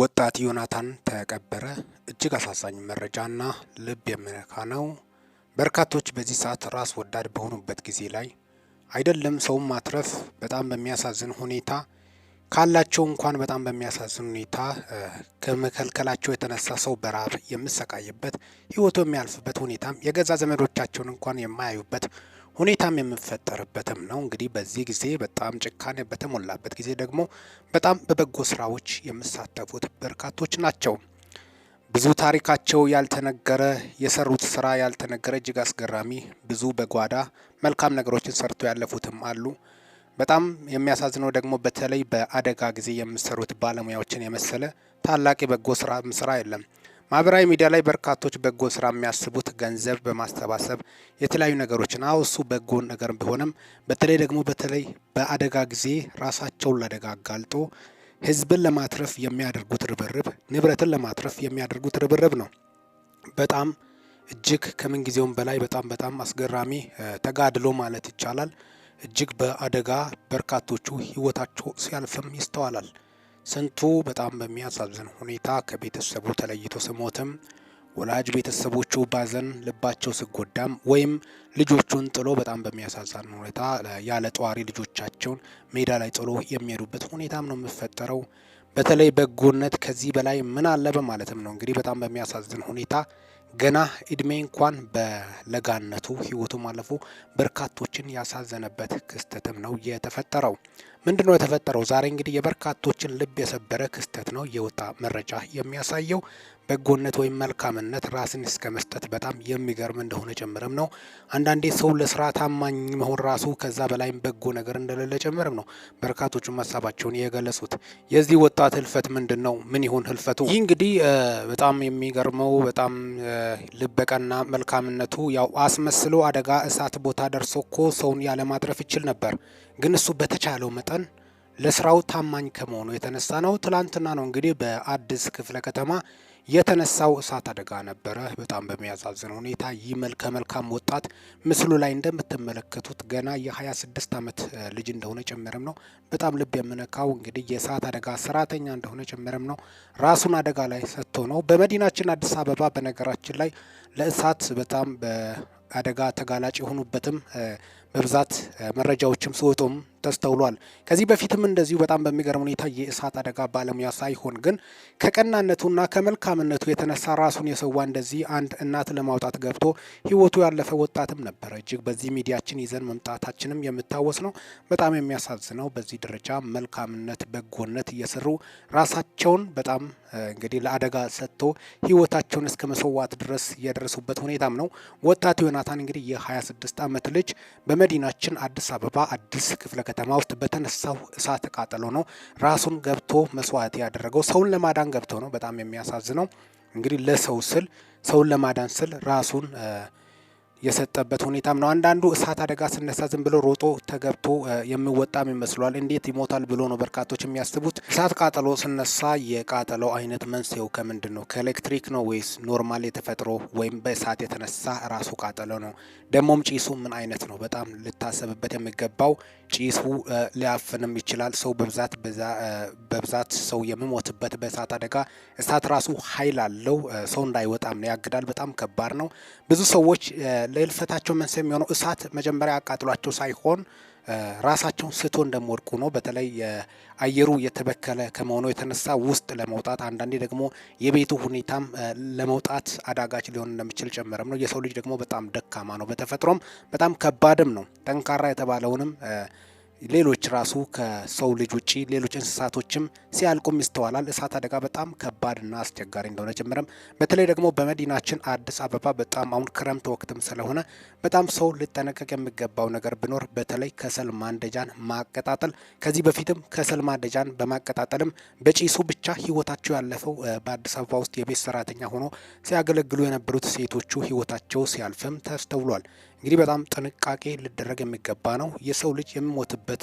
ወጣት ዮናታን ተቀበረ እጅግ አሳዛኝ መረጃና ልብ የሚነካ ነው። በርካቶች በዚህ ሰዓት ራስ ወዳድ በሆኑበት ጊዜ ላይ አይደለም ሰውም ማትረፍ በጣም በሚያሳዝን ሁኔታ ካላቸው እንኳን በጣም በሚያሳዝን ሁኔታ ከመከልከላቸው የተነሳ ሰው በረሃብ የሚሰቃይበት ህይወቱ የሚያልፍበት ሁኔታም የገዛ ዘመዶቻቸውን እንኳን የማያዩበት ሁኔታም የምፈጠርበትም ነው። እንግዲህ በዚህ ጊዜ በጣም ጭካኔ በተሞላበት ጊዜ ደግሞ በጣም በበጎ ስራዎች የሚሳተፉት በርካቶች ናቸው። ብዙ ታሪካቸው ያልተነገረ የሰሩት ስራ ያልተነገረ እጅግ አስገራሚ ብዙ በጓዳ መልካም ነገሮችን ሰርቶ ያለፉትም አሉ። በጣም የሚያሳዝነው ደግሞ በተለይ በአደጋ ጊዜ የምሰሩት ባለሙያዎችን የመሰለ ታላቅ የበጎ ስራ ስራ የለም። ማህበራዊ ሚዲያ ላይ በርካቶች በጎ ስራ የሚያስቡት ገንዘብ በማሰባሰብ የተለያዩ ነገሮችን አዎ፣ እሱ በጎ ነገር ቢሆንም በተለይ ደግሞ በተለይ በአደጋ ጊዜ ራሳቸውን ለአደጋ አጋልጦ ህዝብን ለማትረፍ የሚያደርጉት ርብርብ፣ ንብረትን ለማትረፍ የሚያደርጉት ርብርብ ነው። በጣም እጅግ ከምን ጊዜውም በላይ በጣም በጣም አስገራሚ ተጋድሎ ማለት ይቻላል። እጅግ በአደጋ በርካቶቹ ህይወታቸው ሲያልፍም ይስተዋላል። ስንቱ በጣም በሚያሳዝን ሁኔታ ከቤተሰቡ ተለይቶ ስሞትም ወላጅ ቤተሰቦቹ ባዘን ልባቸው ስጎዳም ወይም ልጆቹን ጥሎ በጣም በሚያሳዝን ሁኔታ ያለ ጠዋሪ ልጆቻቸውን ሜዳ ላይ ጥሎ የሚሄዱበት ሁኔታም ነው የሚፈጠረው። በተለይ በጎነት ከዚህ በላይ ምን አለ በማለትም ነው እንግዲህ በጣም በሚያሳዝን ሁኔታ ገና እድሜ እንኳን በለጋነቱ ህይወቱ ማለፉ በርካቶችን ያሳዘነበት ክስተትም ነው የተፈጠረው። ምንድነው የተፈጠረው? ዛሬ እንግዲህ የበርካቶችን ልብ የሰበረ ክስተት ነው የወጣ መረጃ የሚያሳየው። በጎነት ወይም መልካምነት ራስን እስከ መስጠት በጣም የሚገርም እንደሆነ ጭምርም ነው። አንዳንዴ ሰው ለስራ ታማኝ መሆን ራሱ ከዛ በላይም በጎ ነገር እንደሌለ ጭምርም ነው። በርካቶቹ ሀሳባቸውን የገለጹት የዚህ ወጣት ህልፈት ምንድን ነው? ምን ይሁን ህልፈቱ? ይህ እንግዲህ በጣም የሚገርመው በጣም ልበቀና መልካምነቱ ያው አስመስሎ አደጋ እሳት ቦታ ደርሶ እኮ ሰውን ያለማትረፍ ይችል ነበር። ግን እሱ በተቻለው መጠን ለስራው ታማኝ ከመሆኑ የተነሳ ነው። ትላንትና ነው እንግዲህ በአዲስ ክፍለ ከተማ የተነሳው እሳት አደጋ ነበረ። በጣም በሚያሳዝን ሁኔታ ይህ መልከ መልካም ወጣት ምስሉ ላይ እንደምትመለከቱት ገና የ26 ዓመት ልጅ እንደሆነ ጭምርም ነው። በጣም ልብ የምነካው እንግዲህ የእሳት አደጋ ሰራተኛ እንደሆነ ጭምርም ነው። ራሱን አደጋ ላይ ሰጥቶ ነው። በመዲናችን አዲስ አበባ በነገራችን ላይ ለእሳት በጣም አደጋ ተጋላጭ የሆኑበትም በብዛት መረጃዎችም ሲወጡም ተስተውሏል። ከዚህ በፊትም እንደዚሁ በጣም በሚገርም ሁኔታ የእሳት አደጋ ባለሙያ ሳይሆን ግን ከቀናነቱና ከመልካምነቱ የተነሳ ራሱን የሰዋ እንደዚህ አንድ እናት ለማውጣት ገብቶ ህይወቱ ያለፈ ወጣትም ነበረ። እጅግ በዚህ ሚዲያችን ይዘን መምጣታችንም የምታወስ ነው። በጣም የሚያሳዝነው በዚህ ደረጃ መልካምነት፣ በጎነት እየሰሩ ራሳቸውን በጣም እንግዲህ ለአደጋ ሰጥቶ ህይወታቸውን እስከ መሰዋት ድረስ የደረሱበት ሁኔታም ነው። ወጣቱ ዮናታን እንግዲህ የ26 ዓመት ልጅ በመዲናችን አዲስ አበባ አዲስ ክፍለ ከተማ ውስጥ በተነሳው እሳት ቃጠሎ ነው ራሱን ገብቶ መስዋዕት ያደረገው። ሰውን ለማዳን ገብቶ ነው። በጣም የሚያሳዝነው እንግዲህ ለሰው ስል ሰውን ለማዳን ስል ራሱን የሰጠበት ሁኔታም ነው። አንዳንዱ እሳት አደጋ ስነሳ ዝም ብሎ ሮጦ ተገብቶ የሚወጣም ይመስሏል። እንዴት ይሞታል ብሎ ነው በርካቶች የሚያስቡት። እሳት ቃጠሎ ስነሳ የቃጠለው አይነት መንስኤው ከምንድን ነው? ከኤሌክትሪክ ነው ወይስ ኖርማል የተፈጥሮ ወይም በእሳት የተነሳ ራሱ ቃጠሎ ነው? ደግሞም ጭሱ ምን አይነት ነው? በጣም ልታሰብበት የሚገባው ጭሱ ሊያፍንም ይችላል። ሰው በብዛት በብዛት ሰው የሚሞትበት በእሳት አደጋ እሳት ራሱ ኃይል አለው። ሰው እንዳይወጣም ያግዳል። በጣም ከባድ ነው። ብዙ ሰዎች ለህልፈታቸው መንስኤ የሚሆነው እሳት መጀመሪያ አቃጥሏቸው ሳይሆን ራሳቸውን ስቶ እንደሚወድቁ ነው። በተለይ አየሩ የተበከለ ከመሆኑ የተነሳ ውስጥ ለመውጣት አንዳንዴ ደግሞ የቤቱ ሁኔታም ለመውጣት አዳጋች ሊሆን እንደሚችል ጨምረም ነው። የሰው ልጅ ደግሞ በጣም ደካማ ነው፣ በተፈጥሮም በጣም ከባድም ነው። ጠንካራ የተባለውንም ሌሎች ራሱ ከሰው ልጅ ውጪ ሌሎች እንስሳቶችም ሲያልቁም ይስተዋላል። እሳት አደጋ በጣም ከባድና አስቸጋሪ እንደሆነ ጭምርም በተለይ ደግሞ በመዲናችን አዲስ አበባ በጣም አሁን ክረምት ወቅትም ስለሆነ በጣም ሰው ልጠነቀቅ የሚገባው ነገር ቢኖር በተለይ ከሰል ማንደጃን ማቀጣጠል። ከዚህ በፊትም ከሰል ማንደጃን በማቀጣጠልም በጭሱ ብቻ ህይወታቸው ያለፈው በአዲስ አበባ ውስጥ የቤት ሰራተኛ ሆኖ ሲያገለግሉ የነበሩት ሴቶቹ ህይወታቸው ሲያልፍም ተስተውሏል። እንግዲህ በጣም ጥንቃቄ ሊደረግ የሚገባ ነው። የሰው ልጅ የሚሞትበት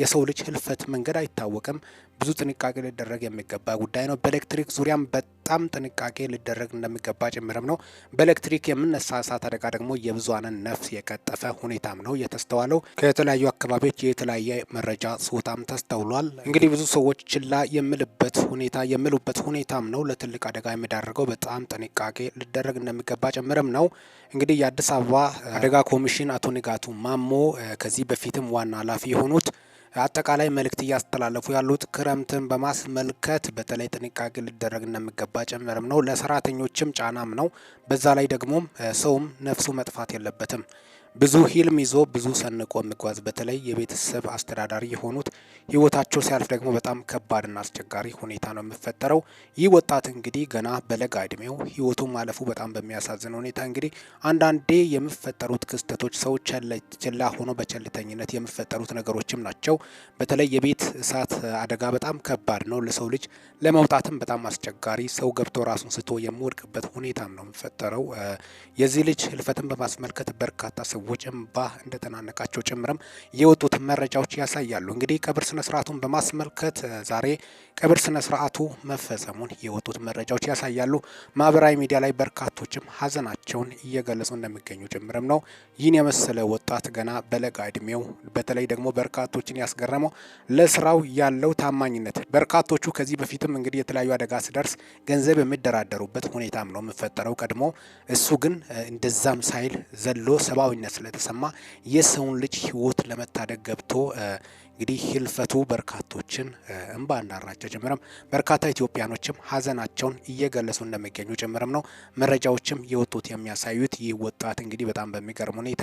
የሰው ልጅ ህልፈት መንገድ አይታወቅም። ብዙ ጥንቃቄ ሊደረግ የሚገባ ጉዳይ ነው። በኤሌክትሪክ ዙሪያም በጣም ጥንቃቄ ሊደረግ እንደሚገባ ጭምርም ነው። በኤሌክትሪክ የምነሳ እሳት አደጋ ደግሞ የብዙሃንን ነፍስ የቀጠፈ ሁኔታም ነው የተስተዋለው። ከተለያዩ አካባቢዎች የተለያየ መረጃ ሲወጣም ተስተውሏል። እንግዲህ ብዙ ሰዎች ችላ የምልበት ሁኔታ የምሉበት ሁኔታም ነው ለትልቅ አደጋ የሚዳርገው በጣም ጥንቃቄ ሊደረግ እንደሚገባ ጭምርም ነው። እንግዲህ የአዲስ አበባ አደጋ ኮሚሽን አቶ ንጋቱ ማሞ ከዚህ በፊትም ዋና ኃላፊ የሆኑት አጠቃላይ መልእክት እያስተላለፉ ያሉት ክረምትን በማስመልከት በተለይ ጥንቃቄ ሊደረግ እንደሚገባ ጭምርም ነው። ለሰራተኞችም ጫናም ነው። በዛ ላይ ደግሞ ሰውም ነፍሱ መጥፋት የለበትም። ብዙ ህልም ይዞ ብዙ ሰንቆ መጓዝ በተለይ የቤተሰብ አስተዳዳሪ የሆኑት ህይወታቸው ሲያልፍ ደግሞ በጣም ከባድና አስቸጋሪ ሁኔታ ነው የሚፈጠረው። ይህ ወጣት እንግዲህ ገና በለጋ እድሜው ህይወቱ ማለፉ በጣም በሚያሳዝን ሁኔታ እንግዲህ አንዳንዴ የሚፈጠሩት ክስተቶች ሰው ችላ ሆኖ በቸልተኝነት የሚፈጠሩት ነገሮችም ናቸው። በተለይ የቤት እሳት አደጋ በጣም ከባድ ነው ለሰው ልጅ ለመውጣትም በጣም አስቸጋሪ፣ ሰው ገብቶ ራሱን ስቶ የሚወድቅበት ሁኔታም ነው የሚፈጠረው። የዚህ ልጅ ህልፈትን በማስመልከት በርካታ ሰው ውጭንባ እንደተናነቃቸው ጭምርም የወጡት መረጃዎች ያሳያሉ። እንግዲህ ቀብር ስነ ስርዓቱን በማስመልከት ዛሬ ቀብር ስነ ስርዓቱ መፈጸሙን የወጡት መረጃዎች ያሳያሉ። ማህበራዊ ሚዲያ ላይ በርካቶችም ሀዘናቸውን እየገለጹ እንደሚገኙ ጭምርም ነው። ይህን የመሰለ ወጣት ገና በለጋ እድሜው በተለይ ደግሞ በርካቶችን ያስገረመው ለስራው ያለው ታማኝነት በርካቶቹ ከዚህ በፊትም እንግዲህ የተለያዩ አደጋ ሲደርስ ገንዘብ የሚደራደሩበት ሁኔታም ነው የምፈጠረው ቀድሞ እሱ ግን እንደዛም ሳይል ዘሎ ሰብአዊነት ስለተሰማ የሰውን ልጅ ህይወት ለመታደግ ገብቶ እንግዲህ ህልፈቱ በርካቶችን እንባ እንዳራቸው ጭምርም በርካታ ኢትዮጵያኖችም ሀዘናቸውን እየገለጹ እንደሚገኙ ጭምርም ነው መረጃዎችም የወጡት የሚያሳዩት። ይህ ወጣት እንግዲህ በጣም በሚገርም ሁኔታ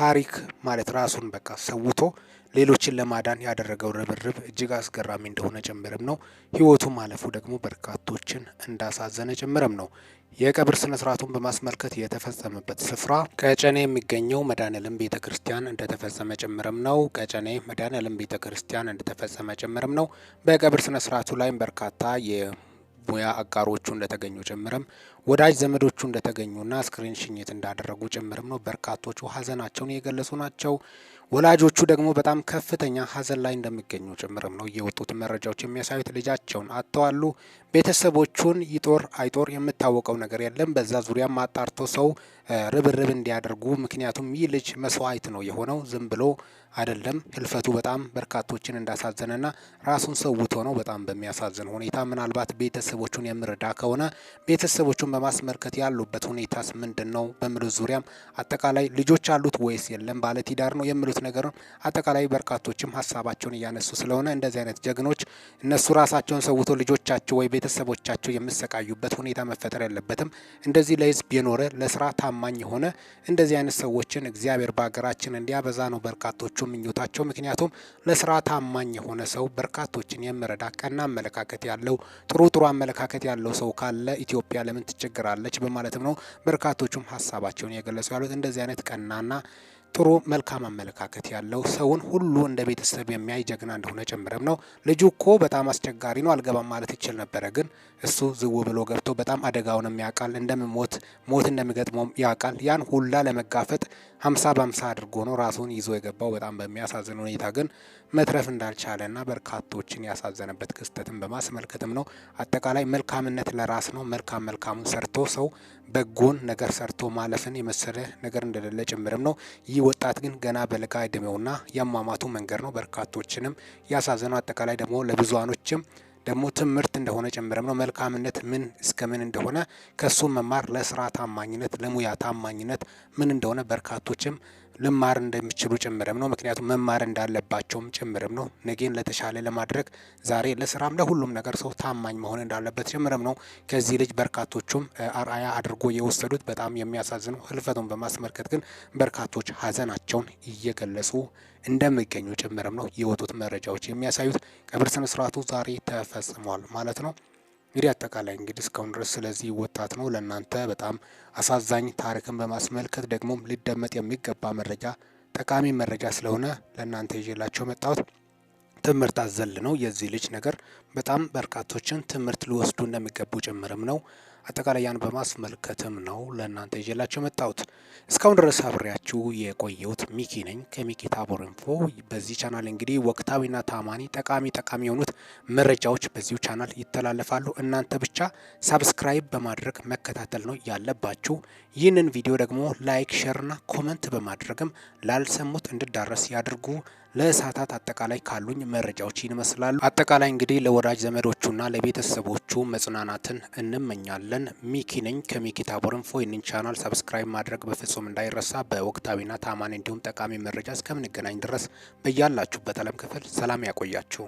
ታሪክ ማለት ራሱን በቃ ሰውቶ ሌሎችን ለማዳን ያደረገው ርብርብ እጅግ አስገራሚ እንደሆነ ጭምርም ነው። ህይወቱ ማለፉ ደግሞ በርካቶችን እንዳሳዘነ ጭምርም ነው። የቀብር ስነ ስርዓቱን በማስመልከት የተፈጸመበት ስፍራ ቀጨኔ የሚገኘው መድኃኔዓለም ቤተ ክርስቲያን እንደተፈጸመ ጭምርም ነው። ቀጨኔ መድኃኔዓለም ቤተ ክርስቲያን እንደተፈጸመ ጭምርም ነው። በቀብር ስነ ስርዓቱ ላይም በርካታ የሙያ አጋሮቹ እንደተገኙ ጭምርም ወዳጅ ዘመዶቹ እንደተገኙና ስክሪን ሽኝት እንዳደረጉ ጭምርም ነው። በርካቶቹ ሀዘናቸውን የገለጹ ናቸው። ወላጆቹ ደግሞ በጣም ከፍተኛ ሀዘን ላይ እንደሚገኙ ጭምርም ነው እየወጡት መረጃዎች የሚያሳዩት። ልጃቸውን አጥተዋሉ። ቤተሰቦቹን ይጦር አይጦር የምታወቀው ነገር የለም። በዛ ዙሪያም አጣርቶ ሰው ርብርብ እንዲያደርጉ፣ ምክንያቱም ይህ ልጅ መስዋዕት ነው የሆነው ዝም ብሎ አይደለም። ህልፈቱ በጣም በርካቶችን እንዳሳዘነና ራሱን ሰውቶ ነው በጣም በሚያሳዝን ሁኔታ። ምናልባት ቤተሰቦቹን የምረዳ ከሆነ ቤተሰቦቹን በማስመልከት ያሉበት ሁኔታስ ምንድን ነው? በምርት ዙሪያም አጠቃላይ ልጆች አሉት ወይስ የለም? ባለትዳር ነው የሚሉት ነገር አጠቃላይ በርካቶችም ሀሳባቸውን እያነሱ ስለሆነ እንደዚህ አይነት ጀግኖች እነሱ ራሳቸውን ሰውቶ ልጆቻቸው ወይ ቤተሰቦቻቸው የሚሰቃዩበት ሁኔታ መፈጠር የለበትም። እንደዚህ ለህዝብ የኖረ ለስራ ታማኝ የሆነ እንደዚህ አይነት ሰዎችን እግዚአብሔር በሀገራችን እንዲያበዛ ነው በርካቶቹ ምኞታቸው። ምክንያቱም ለስራ ታማኝ የሆነ ሰው በርካቶችን የምረዳ ቀና አመለካከት ያለው ጥሩ ጥሩ አመለካከት ያለው ሰው ካለ ኢትዮጵያ ለምን ትቸግራለች? በማለትም ነው በርካቶቹም ሀሳባቸውን የገለጹ ያሉት እንደዚህ አይነት ቀናና ጥሩ መልካም አመለካከት ያለው ሰውን ሁሉ እንደ ቤተሰብ የሚያይ ጀግና እንደሆነ ጭምርም ነው። ልጁ እኮ በጣም አስቸጋሪ ነው አልገባም ማለት ይችል ነበረ፣ ግን እሱ ዝው ብሎ ገብቶ በጣም አደጋውንም ያውቃል፣ እንደምሞት ሞት እንደሚገጥመውም ያውቃል። ያን ሁላ ለመጋፈጥ ሀምሳ በሀምሳ አድርጎ ነው ራሱን ይዞ የገባው። በጣም በሚያሳዝን ሁኔታ ግን መትረፍ እንዳልቻለና በርካቶችን ያሳዘነበት ክስተትን በማስመልከትም ነው። አጠቃላይ መልካምነት ለራስ ነው። መልካም መልካሙን ሰርቶ ሰው በጎን ነገር ሰርቶ ማለፍን የመሰለ ነገር እንደሌለ ጭምርም ነው። ይህ ወጣት ግን ገና በለጋ እድሜውና የአሟሟቱ መንገድ ነው በርካቶችንም ያሳዘነው። አጠቃላይ ደግሞ ለብዙሃኖችም ደግሞ ትምህርት እንደሆነ ጭምርም ነው። መልካምነት ምን እስከ ምን እንደሆነ ከእሱም መማር ለስራ ታማኝነት፣ ለሙያ ታማኝነት ምን እንደሆነ በርካቶችም ልማር እንደሚችሉ ጭምርም ነው። ምክንያቱም መማር እንዳለባቸውም ጭምርም ነው። ነገን ለተሻለ ለማድረግ ዛሬ ለስራም ለሁሉም ነገር ሰው ታማኝ መሆን እንዳለበት ጭምርም ነው። ከዚህ ልጅ በርካቶቹም አርአያ አድርጎ የወሰዱት በጣም የሚያሳዝኑ ህልፈቱን በማስመልከት ግን በርካቶች ሀዘናቸውን እየገለጹ እንደሚገኙ ጭምርም ነው የወጡት መረጃዎች የሚያሳዩት። ቀብር ስነስርዓቱ ዛሬ ተፈጽሟል ማለት ነው። እንግዲህ አጠቃላይ እንግዲህ እስካሁን ድረስ ስለዚህ ወጣት ነው ለእናንተ በጣም አሳዛኝ ታሪክን በማስመልከት ደግሞ ሊደመጥ የሚገባ መረጃ ጠቃሚ መረጃ ስለሆነ ለእናንተ ይዤላቸው መጣሁት። ትምህርት አዘል ነው የዚህ ልጅ ነገር። በጣም በርካቶችን ትምህርት ሊወስዱ እንደሚገቡ ጭምርም ነው። አጠቃላይ ያን በማስመልከትም ነው ለእናንተ ይዤላቸው የመጣሁት። እስካሁን ድረስ አብሬያችሁ የቆየሁት ሚኪ ነኝ ከሚኪ ታቦር ኢንፎ። በዚህ ቻናል እንግዲህ ወቅታዊና ታማኒ ጠቃሚ ጠቃሚ የሆኑት መረጃዎች በዚሁ ቻናል ይተላለፋሉ። እናንተ ብቻ ሳብስክራይብ በማድረግ መከታተል ነው ያለባችሁ። ይህንን ቪዲዮ ደግሞ ላይክ፣ ሼርና ኮመንት በማድረግም ላልሰሙት እንድዳረስ ያድርጉ። ለእሳታት አጠቃላይ ካሉኝ መረጃዎች ይመስላሉ። አጠቃላይ እንግዲህ ለወዳጅ ዘመዶቹና ለቤተሰቦቹ መጽናናትን እንመኛለን። ሚኪ ነኝ ከሚኪ ታቦር ኢንፎ። ይህንን ቻናል ሰብስክራይብ ማድረግ በፍጹም እንዳይረሳ። በወቅታዊና ታማኝ እንዲሁም ጠቃሚ መረጃ እስከምንገናኝ ድረስ በያላችሁበት ዓለም ክፍል ሰላም ያቆያችሁ።